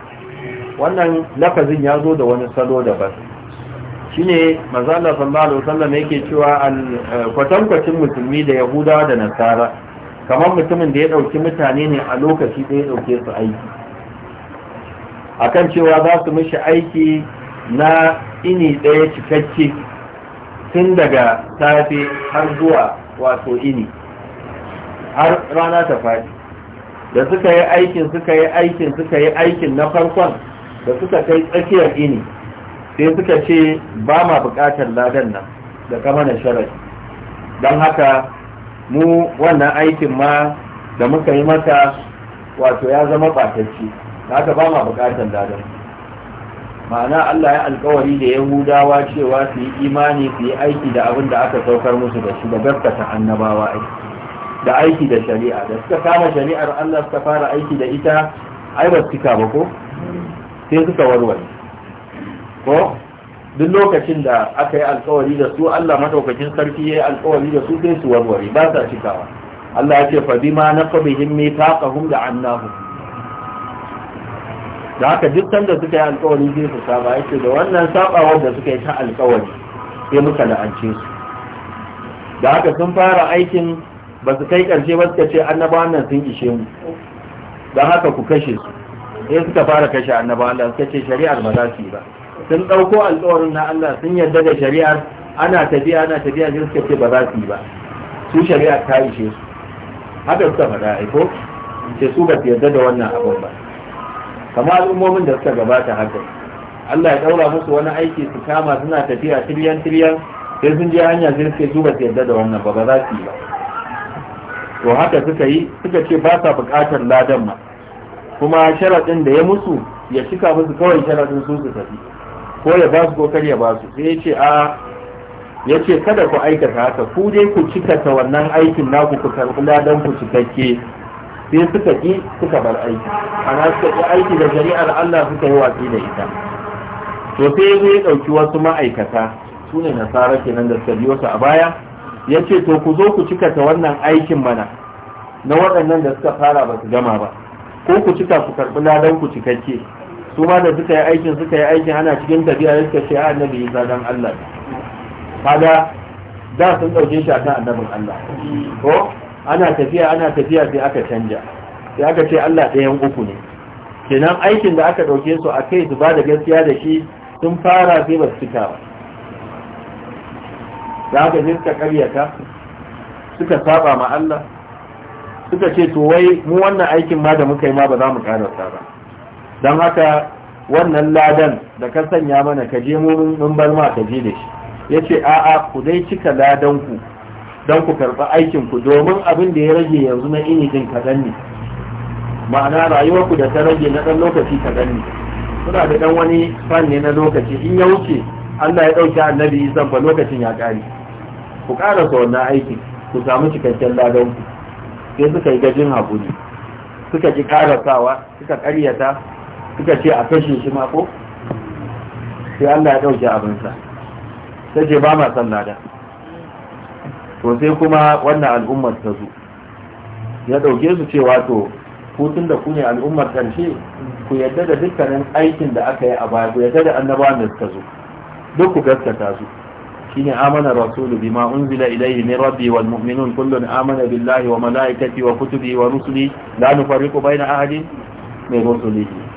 وأن لفظ يزود ونصلوا دفظ shine manzo sallallahu alaihi wasallam yake cewa eh, kwatankwacin musulmi da yahudawa da nasara kamar mutumin da ya dauki mutane ne a lokaci da ya dauke su aiki akan cewa za su mishi aiki na ini daya cikakke tun daga safe har zuwa wato ini har rana ta faɗi da suka yi aikin suka yi aikin suka yi aikin na farkon da suka kai tsakiyar ini sai suka ce ba ma buƙatar ladan nan da kama na sharai don haka mu wannan aikin ma da muka yi mata wato ya zama da haka ba ma buƙatar ladan ma'ana Allah ya alkawari da ya hudawa cewa su yi imani su yi aiki da abin da aka saukar musu da shi da gaskata annabawa da aiki da shari'a da suka kama shari'ar Allah suka fara aiki da ita ai ba su cika ba ko sai suka warware ko duk lokacin da aka yi alkawari da su Allah madaukakin sarki ya yi alkawari da su sai su warware ba sa cikawa Allah ya ce fa bima naqabihim mithaqahum la'annahu da haka duk sanda suka yi alkawari sai su saba yace da wannan sabawar da suka yi ta alkawari sai muka la'ance su da haka sun fara aikin ba su kai karshe ba suka ce annabawan nan sun ishe mu don haka ku kashe su sai suka fara kashe annabawan nan suka ce shari'ar ba za su yi ba sun ɗauko alƙawarin na Allah sun yarda da shari'ar ana tafiya ana tafiya sai suka ce ba za su yi ba su shari'a ta ishe su haka suka faɗa aiko ce su ba su yarda da wannan abin ba kamar al'ummomin da suka gabata haka Allah ya ɗaura musu wani aiki su kama suna tafiya tiryan tiryan sai sun je hanya sai suke su ba su yarda da wannan ba ba za su yi ba to haka suka yi suka ce ba sa buƙatar ladan ma kuma sharaɗin da ya musu ya cika musu kawai sharaɗin su su tafi ko ya ba su ko kar ya ba su sai ya ce a ya ce kada ku aikata haka ku dai ku cikata wannan aikin naku ku karɓi ladan ku cikakke sai suka ƙi suka bar aiki ana suka ƙi aiki da jari'ar Allah suka yi watsi da ita to sai ya ɗauki wasu ma'aikata su ne nasara kenan da suka biyo su a baya ya ce to ku zo ku cikata wannan aikin mana na waɗannan da suka fara ba su gama ba ko ku cika ku karɓi ladan ku cikakke su ma da suka yi aikin suka yi aikin ana cikin tafiya da suka ce a ah, annabi isa dan Allah kaga da sun dauke shi akan annabin Allah ko ana tafiya ana tafiya sai aka canja sai aka ce Allah ɗayan uku ne kenan aikin da aka dauke su a kai su ba da gaskiya da shi sun fara sai ba su cika ba da aka je suka karyata suka saba ma Allah suka ce to wai mu wannan aikin ma da muka yi ma ba za mu sa ba don haka wannan ladan da ka sanya mana ka je mun bar ma ka je da shi ya ce a'a ku dai cika ladan ku don ku karɓi aikin ku domin abin da ya rage yanzu na ini din kaɗan ne ma'ana rayuwar ku da ta rage na ɗan lokaci kaɗan ne suna da ɗan wani fan ne na lokaci in ya wuce Allah ya ɗauki annabi isan ba lokacin ya ƙare ku ƙarasa wannan aikin ku samu cikakken ladan ku sai suka yi gajin hakuri, suka ƙara ƙarasawa suka ƙaryata suka ce a kashe shi mako? sai Allah ya dauke abinsa sai ce ba ma sallah da to sai kuma wannan al'ummar ta zo ya dauke su cewa to hutun da ku ne al'ummar karshe ku yadda da dukkanin aikin da aka yi a baya ku yadda da annabawan da suka zo duk ku gaskata su ne amana rasulu bima unzila ilayhi min rabbi wal mu'minun kullun amana billahi wa malaikatihi wa Kutubi wa rusuli la nufarriqu baina ahadin min rusulihi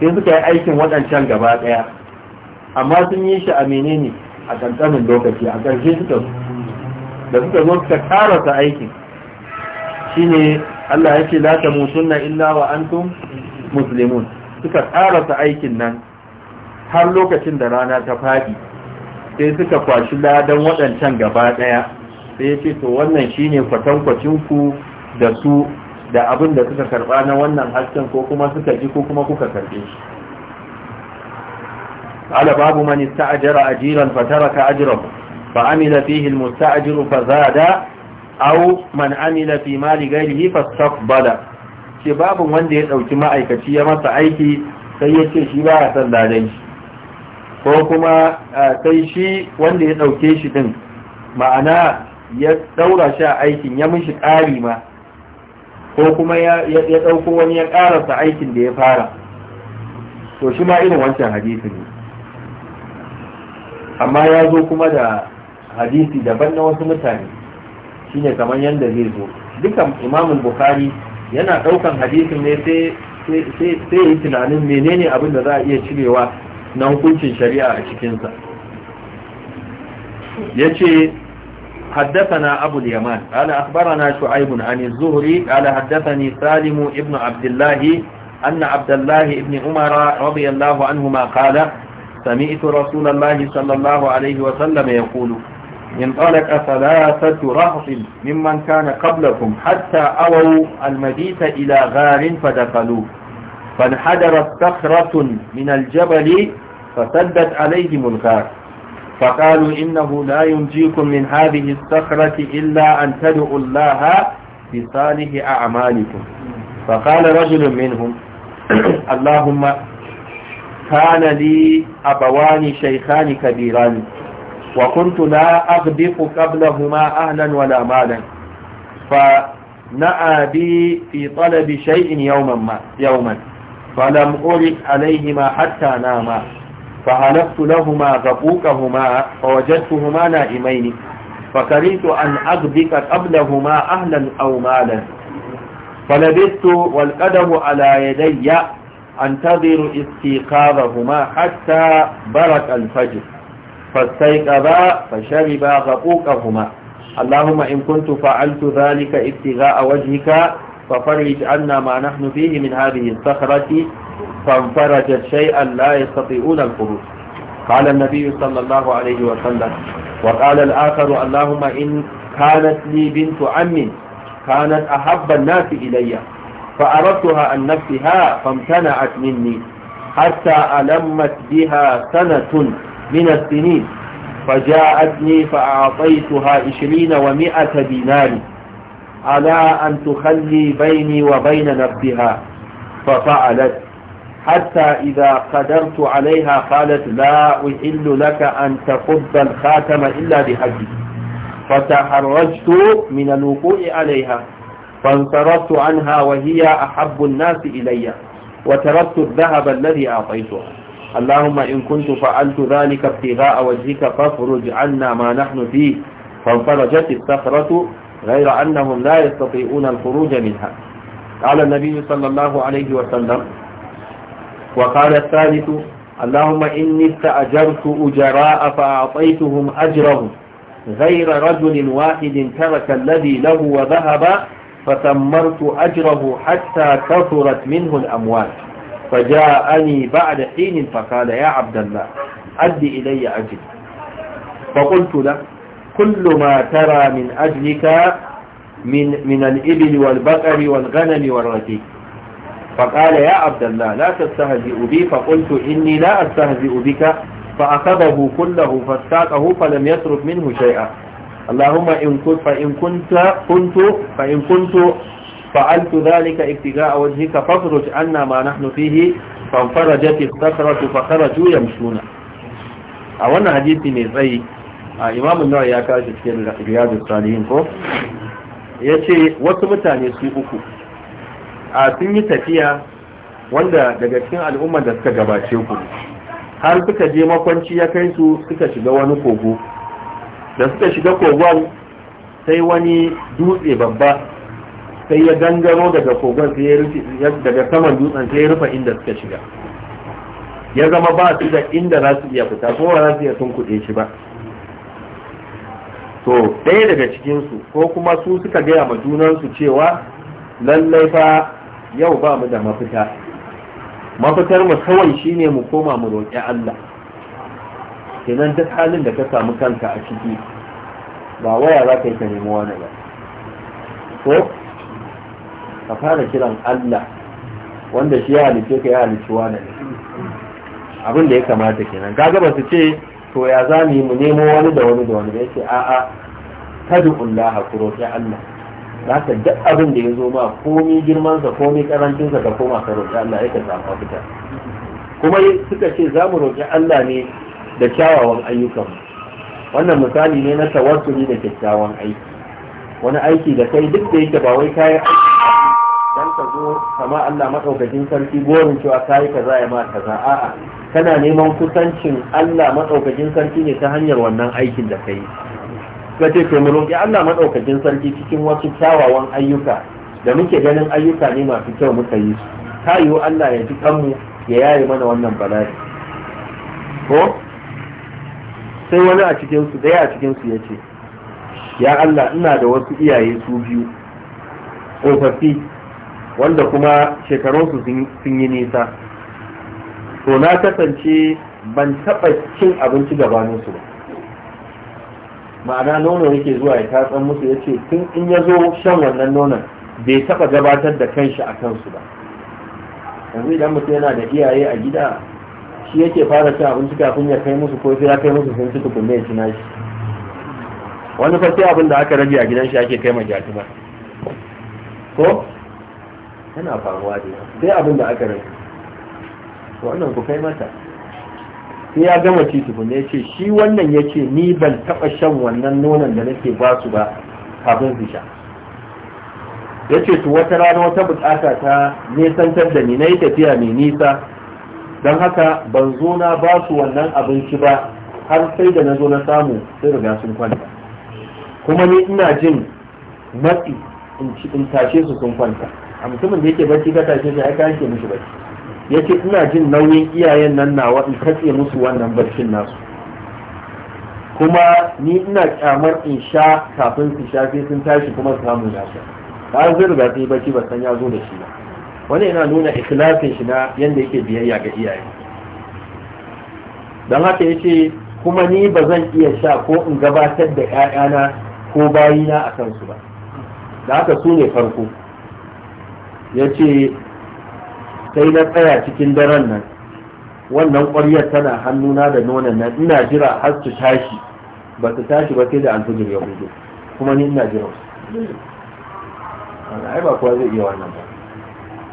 sai suka yi aikin waɗancan gaba ɗaya amma sun yi shi a menene a ƙanƙanin lokaci a ƙarshe suka zo da suka zo suka karasa aikin shine Allah ya ce "Lata ta illa wa antum muslimun suka karasa aikin nan har lokacin da rana ta faɗi sai suka kwashi ladan waɗancan gaba ɗaya sai ya ce to wannan shine kwatankwacinku, ku da su da abin da suka karba na wannan hasken ko kuma suka ji ko kuma kuka karbe shi ala babu man ista'jara ajiran fataraka ajrahu fa amila fihi almusta'jiru fazada aw man amila fi mali ghayrihi fastaqbala Shi babu wanda ya dauki ma'aikaci ya masa aiki sai ya ce shi ba san ladan shi ko kuma sai shi wanda ya dauke shi din ma'ana ya daura shi a aikin ya mishi ƙari ma ko kuma ya ɗauko wani ya ƙarasa aikin da ya fara to shi ma irin wancan hadisi ne amma ya zo kuma da hadisi daban na wasu mutane shine kamar yadda zai zo dukan imamun bukhari yana ɗaukan hadisi ne sai ya yi tunanin menene abin da za a iya cirewa na hukuncin shari'a a cikinsa ya ce حدثنا أبو اليمان قال أخبرنا شعيب عن الزهري قال حدثني سالم ابن عبد الله أن عبد الله ابن عمر رضي الله عنهما قال سمعت رسول الله صلى الله عليه وسلم يقول انطلق ثلاثة رهط ممن كان قبلكم حتى أووا المبيت إلى غار فدخلوه فانحدرت صخرة من الجبل فسدت عليهم الغار فقالوا إنه لا ينجيكم من هذه الصخرة إلا أن تدعوا الله بصالح أعمالكم فقال رجل منهم *clears throat* اللهم كان لي أبوان شيخان كبيران وكنت لا أغبق قبلهما أهلا ولا مالا فنأى بي في طلب شيء يوما ما يوما فلم أرد عليهما حتى ناما فهلفت لهما غبوكهما فوجدتهما نائمين فكرهت أن أغبك قبلهما أهلا أو مالا فلبثت والقدم على يدي أنتظر استيقاظهما حتى برك الفجر فاستيقظا فشربا غبوكهما اللهم إن كنت فعلت ذلك ابتغاء وجهك ففرج عنا ما نحن فيه من هذه الصخرة فانفرجت شيئا لا يستطيعون الخروج قال النبي صلى الله عليه وسلم وقال الآخر اللهم إن كانت لي بنت عم كانت أحب الناس إلي فأردتها عن نفسها فامتنعت مني حتى ألمت بها سنة من السنين فجاءتني فأعطيتها عشرين ومائة دينار على أن تخلي بيني وبين نفسها ففعلت حتى إذا قدرت عليها قالت لا أحل لك أن تقب الخاتم إلا بحجي فتحرجت من الوقوع عليها فانصرفت عنها وهي أحب الناس إلي وتركت الذهب الذي أعطيته اللهم إن كنت فعلت ذلك ابتغاء وجهك فافرج عنا ما نحن فيه فانفرجت الصخرة غير أنهم لا يستطيعون الخروج منها قال النبي صلى الله عليه وسلم وقال الثالث اللهم إني استأجرت أجراء فأعطيتهم أجرهم غير رجل واحد ترك الذي له وذهب فثمرت أجره حتى كثرت منه الأموال فجاءني بعد حين فقال يا عبد الله أد إلي أجل فقلت له كل ما ترى من أجلك من, من الإبل والبقر والغنم والرتيك فقال يا عبد الله لا تستهزئ بي فقلت إني لا أستهزئ بك فأخذه كله فاستاقه فلم يترك منه شيئا اللهم إن كنت فإن كنت كنت فإن كنت فعلت ذلك ابتغاء وجهك فافرج عنا ما نحن فيه فانفرجت الصخرة فخرجوا يمشون أولا حديثي من زي آه، إمام النوع يا كاشف ya kashi الصالحين riyadu salihin ko ya ce a sun yi tafiya wanda daga cikin al'ummar da suka gabace ku har suka je makwanci ya kai su suka shiga wani kogo da suka shiga kogon sai wani dutse babba sai ya gangaro daga kogon daga saman dutsen sai ya rufe inda suka shiga ya zama ba su da inda za su iya fita ko za su iya sun kuɗe shi ba to ɗaya daga cikinsu ko kuma su suka gaya ma junansu cewa lallai fa yau ba mu da mafita mafitar mu kawai shine mu koma mu roƙi Allah kenan duk halin da ka samu kanka a ciki ba waya za ka yi ka nemi wani ba ko ka fara kiran Allah wanda shi ya halice ka ya halice wani ne abin da ya kamata kenan kaga ba su ce to ya za mu nemo wani da wani da wani da yake a'a tadu Allah ku roƙi Allah za ka duk abin da ya zo ma komi girmansa komi karancinsa ka koma ka roƙi Allah ya ka samu kuma suka ce za mu roƙi Allah ne da kyawawan ayyukan wannan misali ne na tawassuli da kyakkyawan aiki wani aiki da kai duk da yake ba wai kayan dan ka zo kama Allah madaukakin sarki gorin cewa kai kaza ya ma kaza a'a kana neman kusancin Allah madaukakin sarki ne ta hanyar wannan aikin da kai ka ce to mu Allah madaukakin sarki cikin wasu kyawawan ayyuka da muke ganin ayyuka ne masu kyau muka yi su ta yiwu Allah ya ji kanmu ya yaye mana wannan bala'i ko sai wani a cikin su daya a cikin su yace ya Allah ina da wasu iyaye su biyu tsofaffi wanda kuma shekarunsu sun yi nisa to na kasance ban taɓa cin abinci gabaninsu ba ma'ana nono yake zuwa ya tatsan musu ya ce tun in ya zo shan wannan nonon bai taba gabatar da kanshi a kansu ba yanzu idan mutum yana da iyaye a gida shi yake fara cin abinci kafin ya kai musu ko sai ya kai musu sun ci tukunne ya ci nashi wani fa sai abin da aka rage a gidan shi ake kai ma jatuma ko yana faruwa dai sai abin da aka rage wannan ku kai mata sai ya gama ci tukunna ya ce shi wannan ya ce ni ban taɓa shan wannan nonon da nake ba su ba kafin su sha ya ce wata rana wata bukata ta nesantar da ni na yi tafiya mai nisa don haka ban zo na ba su wannan abinci ba har sai da na zo na samu sai riga sun kwanta kuma ni ina jin matsi in tashe su sun kwanta a mutumin da yake barci ka tashe shi ai ka yake mishi bacci ya ce ina jin nauyin iyayen nan nawa in katse musu wannan barcin nasu kuma ni ina kyamar in sha kafin su sha sun tashi kuma su samu lafiya ba zai riga sai bacci ba san ya zo da shi ba wani yana nuna ikhlasin shi na yanda yake biyayya ga iyaye don haka yace kuma ni ba zan iya sha ko in gabatar da ƴaƴana ko bayina a kansu ba da haka su ne farko yace sai na tsaya cikin daren nan wannan ƙwaryar tana hannuna da nonon nan ina jira har su tashi ba su tashi ba sai da alfijir ya hudu kuma ni ina jira su ai ba kowa zai iya wannan ba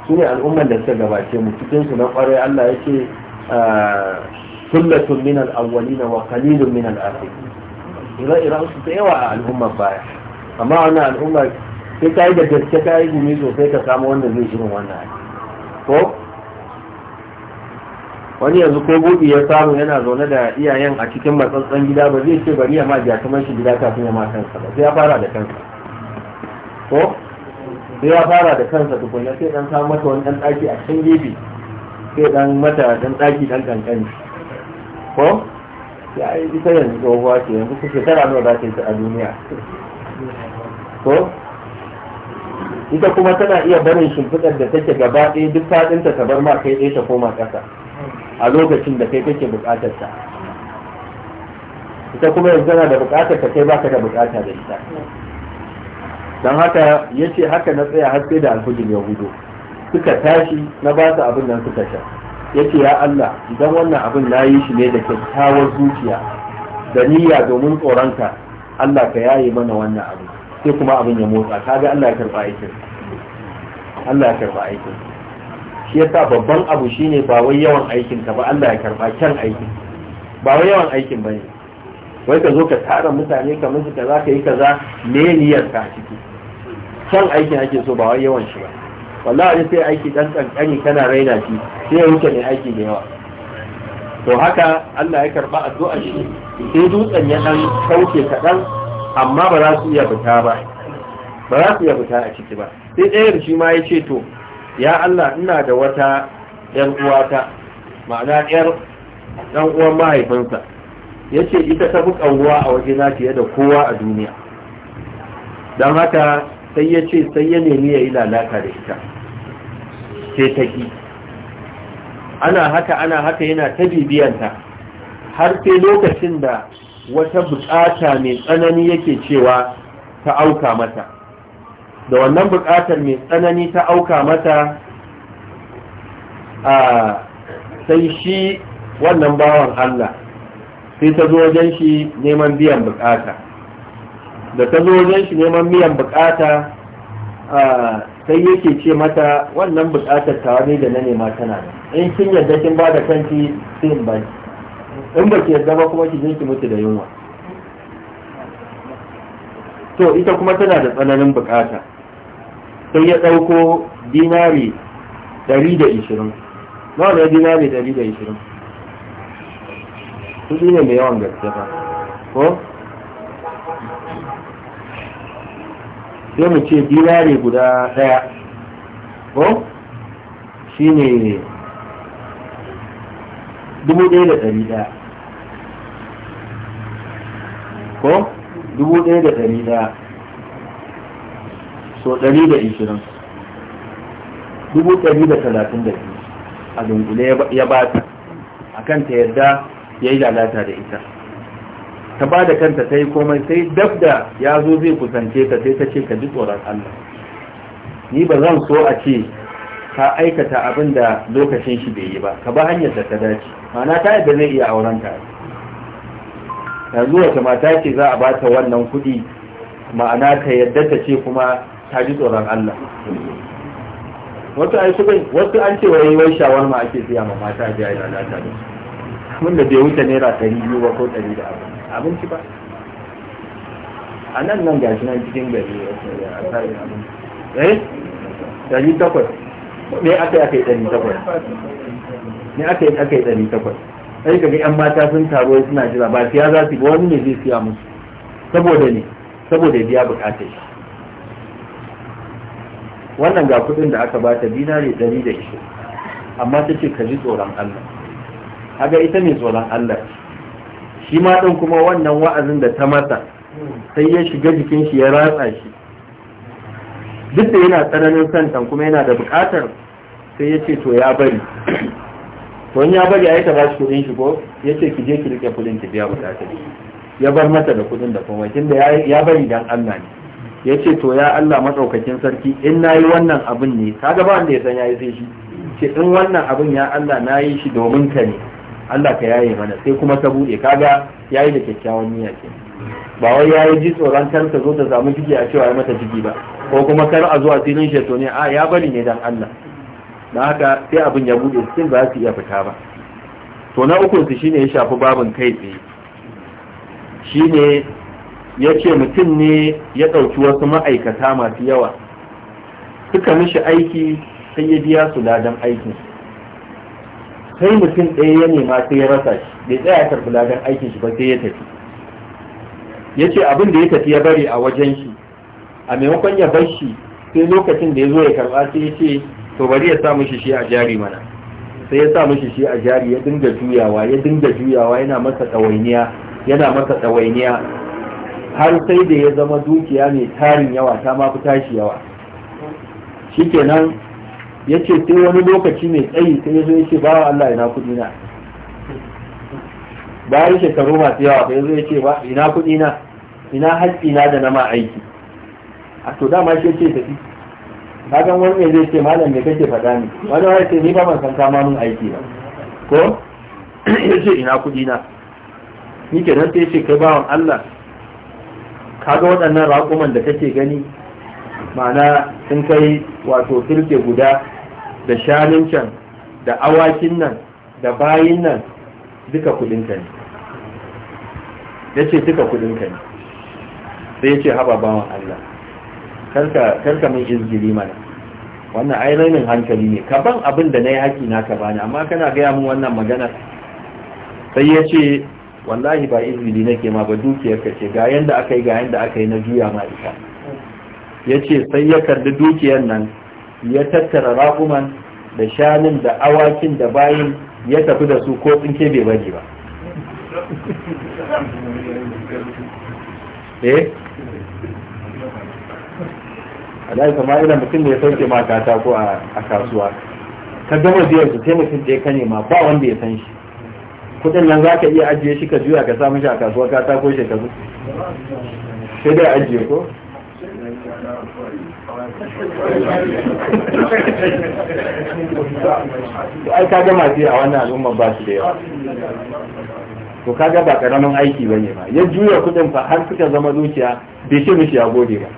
su ne al'ummar da suka gabace mu cikin su na ƙwarai Allah ya ce kullatun ah, min al-awwalina wa qalilun min al-akhirin ire-iren su da yawa a al'ummar baya amma wannan al'ummar sai ka yi da gaske ka yi gumi sosai ka samu wanda zai shirin wannan aiki. ko wani yanzu ko gobe ya samu yana zaune da iyayen a cikin matsatsan gida ba zai ce bari ya ma biya kamar shi gida kafin ya ma kansa ba sai ya fara da kansa ko sai ya fara da kansa tukunna sai dan samu mata wani dan daki a cikin gefe sai dan mata dan daki dan kankani ko ya yi ita yanzu tsohuwa ce yanzu ku tara nawa za ta yi ta a duniya ko ita kuma tana iya barin shimfiɗar da take gaba ɗaya duk faɗinta ta bar ma kai ɗaya ta koma ƙasa a lokacin da kai kake buƙatar ta ita kuma yanzu tana da buƙatar ka kai baka da buƙata da ita don haka ya ce haka na tsaya har sai da alhujin ya gudu, suka tashi na ba su abin nan suka sha ya ce ya Allah idan wannan abin na yi shi ne da kyakkyawar zuciya da niyya domin tsoronka Allah ka yaye mana wannan abin sai kuma abin ya motsa ga Allah ya karba aikin Allah ya karba aikin shi yasa babban abu shine ba wai yawan aikin ka ba Allah ya karba kyan aikin ba wai yawan aikin ba ne. wai ka zo ka tara mutane ka musu kaza ka yi kaza me niyyar ka ciki kyan aikin ake so ba wai yawan shi ba wallahi sai aiki dan kankani kana raina shi sai ya wuce ne aiki da yawa to haka Allah ya karba addu'a shi sai dutsen ya dan kauke kaɗan amma ba za su iya fita ba ba za su iya fita a ciki ba sai ɗayar shi ma ya ce to ya Allah ina da wata ‘yan uwata ma'ana ‘yar ɗan uwan mahaifinsa ya ce ita ta fi ƙanguwa a waje na fiye da kowa a duniya don haka sai ya ce sai ya nemi ya yi lalata da ita sai ta ki ana haka ana haka yana ta bibiyanta har sai lokacin da wata bukata mai tsanani yake cewa ta auka mata da wannan bukatar mai tsanani ta auka mata a sai shi wannan bawan Allah sai ta zo wajen shi neman biyan bukata da ta zo wajen shi neman biyan bukata sai yake ce mata wannan bukatar tawa ne da na nema tana in kin yadda kin ba da kanki sai in baki in ba ki yadda ba kuma ki jinki ki mutu da yunwa to ita kuma tana da tsananin bukata sai ya ɗauko dinari 120 nawa ne dinari 120 kudi ne mai yawan gaske ba ko sai mu ce dinari guda ɗaya ko shi ne ɗaya. ko dubu ɗaya da ɗari ɗaya so ɗari da ishirin dubu ɗari da talatin da biyu a dunkule ya ba ta a kanta yadda ya yi lalata da ita ta ba da kanta ta yi komai sai dab da ya zo zai kusance ta sai ta ce ka ji tsoron Allah ni ba zan so a ce ka aikata abin da lokacin shi bai yi ba ka ba hanyar da ta dace mana ta yadda zai iya auren ta yanzu wace mata ce za a bata wannan kuɗi ma'ana ta yadda ta ce kuma ta ji tsoron Allah wasu ai su wasu an ce wai wai shawarma ake siya ma mata a jiya lalata da su mun da bai wuce naira ɗari biyu ba ko ɗari da abu abinci ba a nan nan gashi nan cikin gari a tsarin abinci eh ɗari takwas ne aka yi aka yi ɗari takwas ne aka yi aka yi ɗari takwas sai ga yan mata sun taro suna jira ba siya za su ga wani ne zai siya musu saboda ne saboda biya bukatar shi wannan ga kudin da aka bata dinari dari da ishe amma ta ce ka ji tsoron Allah haga ita ne tsoron Allah shi ma ɗin kuma wannan wa'azin da ta mata sai ya shiga jikin shi ya ratsa shi duk da yana tsananin santan kuma yana da buƙatar sai ya ce to ya bari to ya bari ya yi ta bashi kudin shi ko ya ce ki je ki rike kudin ki biya bukatar ya bar mata da kudin da kuma tunda ya bari dan Allah ne ya ce to ya Allah matsaukakin sarki in nayi wannan abin ne kaga ba wanda ya san yayi sai shi ce in wannan abin ya Allah nayi shi domin ka ne Allah ka yaye mana sai kuma ka bude kaga yayi da kyakkyawan niyya ce ba wai yayi ji tsoron kar ta zo ta samu ciki a cewa ya mata jiki ba ko kuma kar a zuwa filin sheto ne a ya bari ne dan Allah da haka sai abin ya bude, cikin za su iya fita ba to na uku su shine ya shafi babin kai tsaye shine ya ce mutum ne ya ɗauki wasu ma'aikata masu yawa suka mishi aiki sai ya biya su ladan aikin sai mutum ɗaya ya nema sai ya rasa shi bai tsaya karɓi ladan aikin shi ba sai ya tafi ya ce abin da ya tafi ya bari a wajen shi a maimakon ya bar shi sai lokacin da ya zo ya karɓa sai ya ce to bari ya sa mishi shi a jari mana sai ya sa mishi shi a jari ya dinga juyawa ya dinga juyawa yana masa ɗawainiya yana masa ɗawainiya har sai da ya zama dukiya mai tarin yawa ta ma tashi yawa shikenan ya ce sai wani lokaci mai tsayi sai ya zo ya ce ba wa Allah ina kuɗi na bayan shekaru masu yawa sai ya zo ya ce ba ina kuɗi na ina haƙƙi na da na ma aiki a to dama shi ya ce tafi kagan wani ne zai ce malam me kake faɗa ni wani wani ce ni ba ban san kama mun aiki ba ko *clears throat* ya ce ina kuɗi na ni ke nan sai ce kai bawan Allah kaga waɗannan raƙuman da kake gani ma'ana sun kai wato turke guda da shanun can da awakin nan da bayin nan duka ka ne ya ce duka ka ne sai ya ce haɓa bawan Allah karka min izgiri mana wannan ai rainin hankali ne ka ban abin da na yi haƙi na ka bani amma kana gaya min wannan magana sai ya ce wallahi ba izini nake ma ba dukiyar ka ce ga yanda aka yi ga yanda aka yi na juya ma ita ya ce sai ya karbi dukiyar nan ya tattara raƙuman da shanun da awakin da bayin ya tafi da su ko tsinke bai bari ba eh? Allah kama sama ina mutum ya sauke ma kata ko a kasuwa ka gama biyar su sai mutum da ya kane ma ba wanda ya san shi kudin nan za ka iya ajiye shi ka juya ka samu shi a kasuwa ka ta ko shekaru sai dai ajiye ko *laughs* ai ka gama sai a wannan al'umma ba su da yawa to kaga ba karamin aiki bane ba ya juya kudin fa har suka zama zuciya bai shi mishi ya gode ba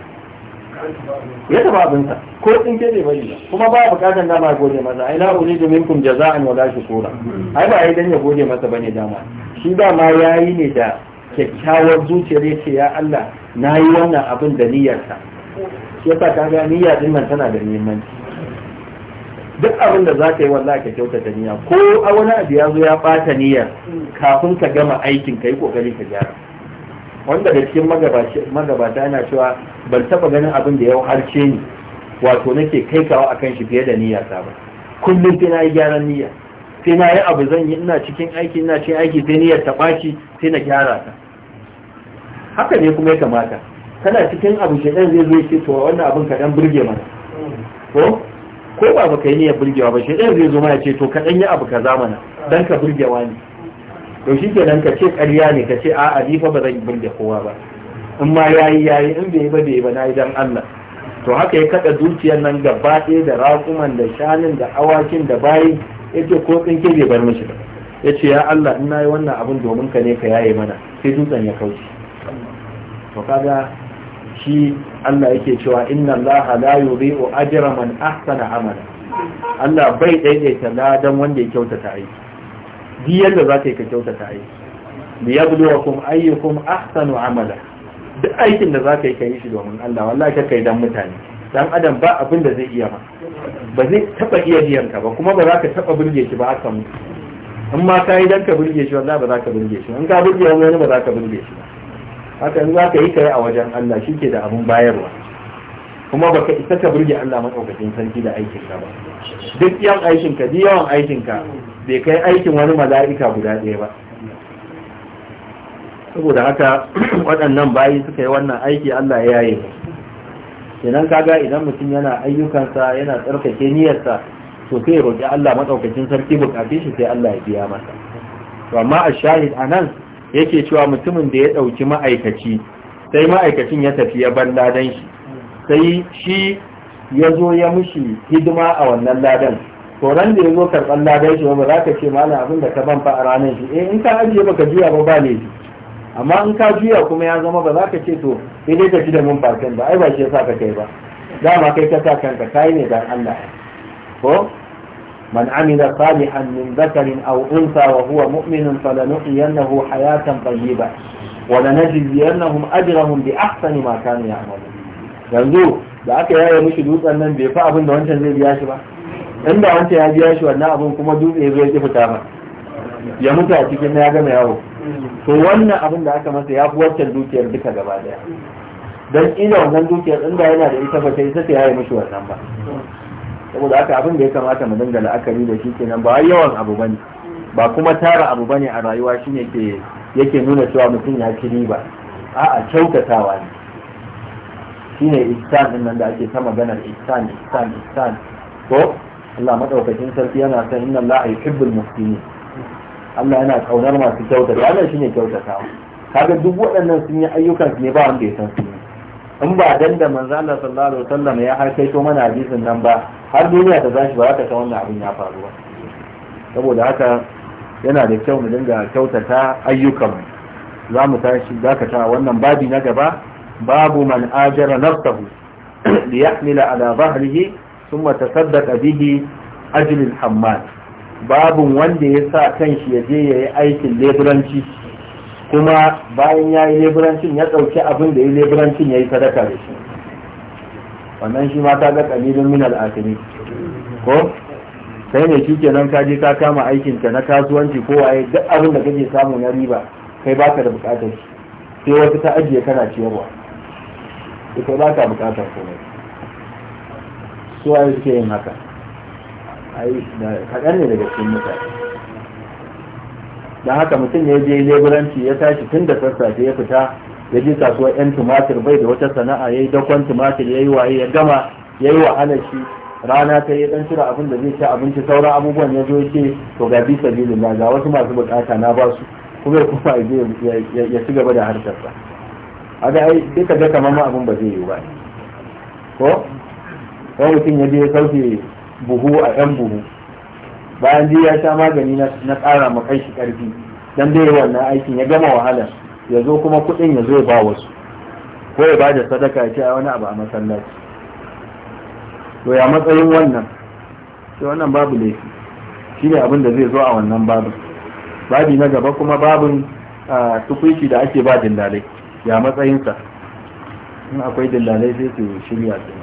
ya taba abinsa ko in ke bai bari kuma ba bukatar dama gode masa ai la uridu minkum jaza'an wala shukura ai ba ai dan ya gode masa bane dama shi ba ma yayi ne da kyakkyawar zuciyar yace ya Allah nayi wannan abin da niyyarsa shi yasa ka ga niyya din nan tana da muhimmanci duk abin da za ka yi wallahi ka kyautata niyya ko a wani abu ya zo ya bata niyyar kafin ka gama aikin ka yi kokari ka gyara wanda da cikin magabata yana cewa ban taba ganin abin da ya harce ni wato nake kai kawo akan shi fiye da niyya ta ba kullum sai na yi gyaran niyya sai na yi abu zan yi ina cikin aiki ina cikin aiki sai niyyar ta ɓaci sai na gyara ta haka ne kuma ya kamata kana cikin abu ɗan zai zo ce to wannan abin ka dan burge mana ko ko ba baka yi niyyar burgewa ba ɗan zai zo mana ce to ka yi abu ka zamana dan ka burgewa ne to shi kenan ka ce ƙarya ne ka ce a'a ni fa ba zan bin kowa ba in ma yayi yayi in bai ba bai ba na idan Allah to haka ya kada zuciyar nan gaba ɗaya da raƙuman da shanin da awakin da bayi yace ko tsinke bai bar mishi ba yace ya Allah in nayi wannan abun domin ka ne ka yaye mana sai dutsen ya kauce to kaga shi Allah yake cewa inna Allah la yudhi'u ajra man ahsana amala Allah bai daidaita ladan wanda ya kyautata aiki duk yadda za ka yi ka kyautata aiki kuma ayyukum ahsanu amala duk aikin da za ka yi ka yi shi domin Allah wallahi ka kai dan mutane dan adam ba abin da zai iya ba ba zai taba iya biyan ka ba kuma ba za ka taba burge shi ba haka mu in ma ka yi dan ka burge shi wallahi ba za ka burge shi in ka burge wani ba za ka burge shi ba haka in za ka yi kai a wajen Allah shike da abin bayarwa kuma baka isa ka burge Allah maɗaukacin sarki da aikin ka ba duk yan aikin ka duk yawan aikin ka bai kai aikin wani mala'ika guda ɗaya ba saboda haka *clears throat* waɗannan bayi suka yi wannan aiki Allah ya yi kenan kaga idan mutum yana ayyukansa yana tsarkake niyyarsa to sai roƙi Allah maɗaukacin sarki buƙatun shi sai Allah ya biya masa to amma ash-shahid nan yake cewa mutumin da ya ɗauki ma'aikaci sai ma'aikacin ya tafi ya ban ladan shi sai shi ya zo ya mushi hidima a wannan ladan to ran da ya zo karɓar ladan shi ba za ka ce malam abin da ka ban fa a ranar shi eh in ka ajiye baka juya ba ba laifi amma in ka juya kuma ya zama ba za ka ce to sai dai ka ji da mun fakan ba ai ba shi yasa ka kai ba dama kai ka sa kanka kai ne dan Allah ko من عمل صالحا من ذكر أو أنثى وهو مؤمن فلنحيينه حياة طيبة ولنجزينهم bi بأحسن ما كانوا يعملون yanzu da aka yaya mishi dutsen nan bai fa abin da wancan zai biya shi ba inda wancan ya biya shi wannan abin kuma dutse zai ki fita ma ya mutu a cikin ya gama yawo to wannan abin da aka masa ya fi wancan dukiyar duka gaba daya don ina wannan dukiyar inda yana da ita ba ta ita ta yi mishi wannan ba saboda haka abin da ya kamata mu dinga la'akari da shi kenan ba yawan abu bane ba kuma tara abu bane a rayuwa shine ke yake nuna cewa mutum ya ci riba a'a kyautatawa ne shine ihsan din nan da ake ta maganar ihsan ihsan ihsan ko Allah madaukakin sarki yana san inna Allah yuhibbul muhsinin Allah yana kaunar masu kyautata Allah shine kyautata kaga duk waɗannan sun yi ayyukan ne ba wanda ya san su in ba dan da manzo Allah sallallahu alaihi wasallam ya har kai to mana hadisin nan ba har duniya ta zashi ba ta san wannan abin ya faru ba saboda haka yana da kyau mu dinga kyautata ayyukan za mu tashi dakata wannan babi na gaba babu man ajara nafsahu liyahmila ala zahrihi ثم تصدق به أجل الحمال باب wanda ya sa kanshi ya je ya yi aikin leburanci kuma bayan ya yi leburancin ya ɗauki abin da ya yi leburancin ya yi sadaka da shi wannan shi ma ta ga kalilin min al'akami ko sai ne shi kenan ka je ka kama aikin ka na kasuwanci ko waye duk abin da kake samu na riba kai baka da bukatar shi sai wasu ta ajiye kana ciyarwa ita ba bukatar komai su waye suke yin haka ai kaɗan ne daga cikin mutane don haka mutum ya je leburanci ya tashi tun da sassafe ya fita ya je kasuwar yan tumatir bai da wata sana'a ya yi dakon tumatir ya yi waye ya gama ya yi wahala shi rana ta yi dan cire abin da zai ci abinci sauran abubuwan ya zo ce to ga bisa bilin ga wasu masu bukata na ba su kuma ya kuma ya ci gaba da sa a ga ai duka ga kamar abin ba zai yi ba ko wani mutum ya je ya sauke buhu a ɗan buhu bayan je ya sha magani na ƙara ma kai shi ƙarfi dan dai wannan aikin ya gama wahala ya zo kuma kuɗin ya zo ba wasu ko ya bada sadaka ya ce a wani abu a masallaci to ya matsayin wannan sai wannan babu laifi shine abin da zai zo a wannan babu babi na gaba kuma babin tukunci da ake ba dillalai ya matsayinsa in akwai dillalai sai su shirya su